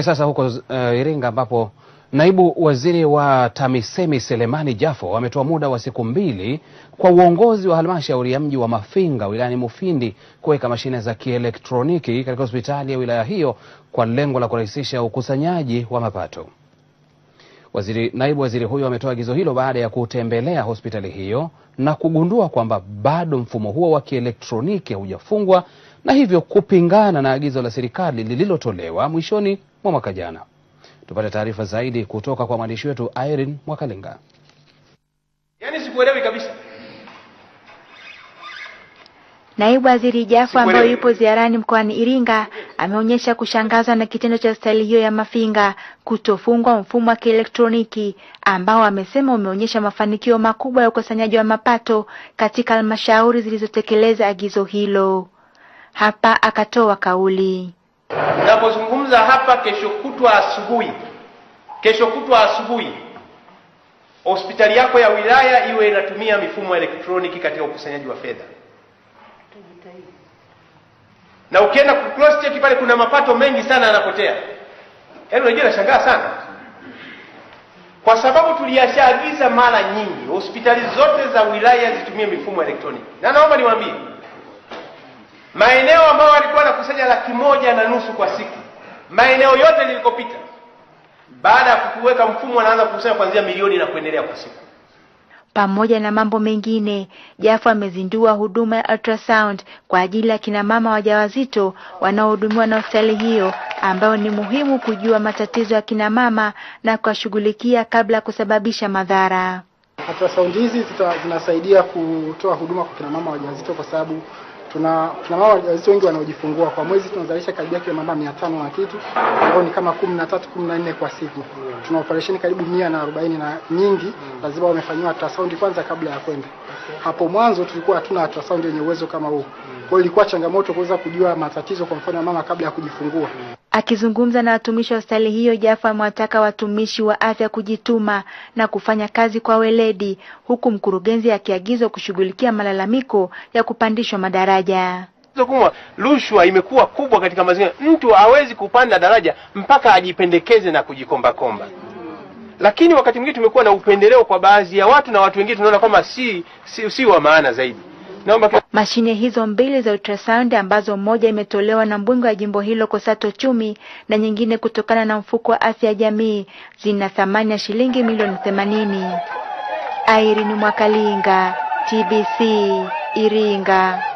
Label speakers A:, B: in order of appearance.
A: Sasa huko uh, Iringa ambapo naibu waziri wa TAMISEMI Selemani Jafo ametoa muda wa siku mbili kwa uongozi wa halmashauri ya mji wa Mafinga wilayani Mufindi kuweka mashine za kielektroniki katika hospitali ya wilaya hiyo kwa lengo la kurahisisha ukusanyaji wa mapato. Waziri, naibu waziri huyo ametoa agizo hilo baada ya kutembelea hospitali hiyo na kugundua kwamba bado mfumo huo wa kielektroniki haujafungwa na hivyo kupingana na agizo la serikali lililotolewa mwishoni mwa mwaka jana. Tupate taarifa zaidi kutoka kwa mwandishi wetu Irene Mwakalinga.
B: Yani sikuelewi kabisa.
C: Naibu Waziri jafu ambaye yupo ziarani mkoani Iringa ameonyesha kushangazwa na kitendo cha staili hiyo ya Mafinga kutofungwa mfumo wa kielektroniki ambao amesema umeonyesha mafanikio makubwa ya ukusanyaji wa mapato katika halmashauri zilizotekeleza agizo hilo. Hapa akatoa kauli.
B: Ninapozungumza hapa kesho kutwa asubuhi, kesho kutwa asubuhi hospitali yako ya wilaya iwe inatumia mifumo ya elektroniki katika ukusanyaji wa fedha, na ukienda cross check pale kuna mapato mengi sana yanapotea. Yaani unajua, nashangaa sana kwa sababu tuliyashaagiza mara nyingi hospitali zote za wilaya zitumie mifumo ya elektroniki, na naomba niwaambie maeneo ambayo walikuwa nakusanya laki moja na nusu kwa siku, maeneo yote nilikopita, baada ya kuweka mfumo anaanza kukusanya kuanzia milioni na kuendelea kwa siku.
C: Pamoja na mambo mengine, jafu amezindua huduma ya ultrasound kwa ajili ya kina mama wajawazito wanaohudumiwa na hospitali hiyo, ambayo ni muhimu kujua matatizo ya kina mama na kuwashughulikia kabla ya kusababisha madhara.
D: Ultrasound hizi zinasaidia kutoa huduma kwa kina mama wajawazito kwa sababu tuna tuna mama wajawazito wengi wanaojifungua kwa mwezi tunazalisha karibu yake mama 500 na kitu ambao ni kama 13 14 kwa siku. Tuna operesheni karibu 140 na, na nyingi lazima wamefanyiwa ultrasound kwanza kabla ya kwenda hapo mwanzo tulikuwa hatuna ultrasound yenye uwezo kama huu, mm. kwa hiyo ilikuwa changamoto kuweza kujua matatizo kwa mfano ya mama kabla ya kujifungua. Mm.
C: Akizungumza na watumishi wa hospitali hiyo, jafa amewataka watumishi wa afya kujituma na kufanya kazi kwa weledi, huku mkurugenzi akiagizwa kushughulikia malalamiko ya kupandishwa madaraja.
B: Kumwa rushwa imekuwa kubwa katika mazingira, mtu hawezi kupanda daraja mpaka ajipendekeze na kujikombakomba lakini wakati mwingine tumekuwa na upendeleo kwa baadhi ya watu na watu wengine tunaona kama si, si, si wa maana zaidi.
C: Naomba mashine hizo mbili za ultrasound ambazo moja imetolewa na mbunge wa jimbo hilo Kosato Chumi na nyingine kutokana na mfuko wa afya ya jamii zina thamani ya shilingi milioni themanini. Irene Mwakalinga, TBC Iringa.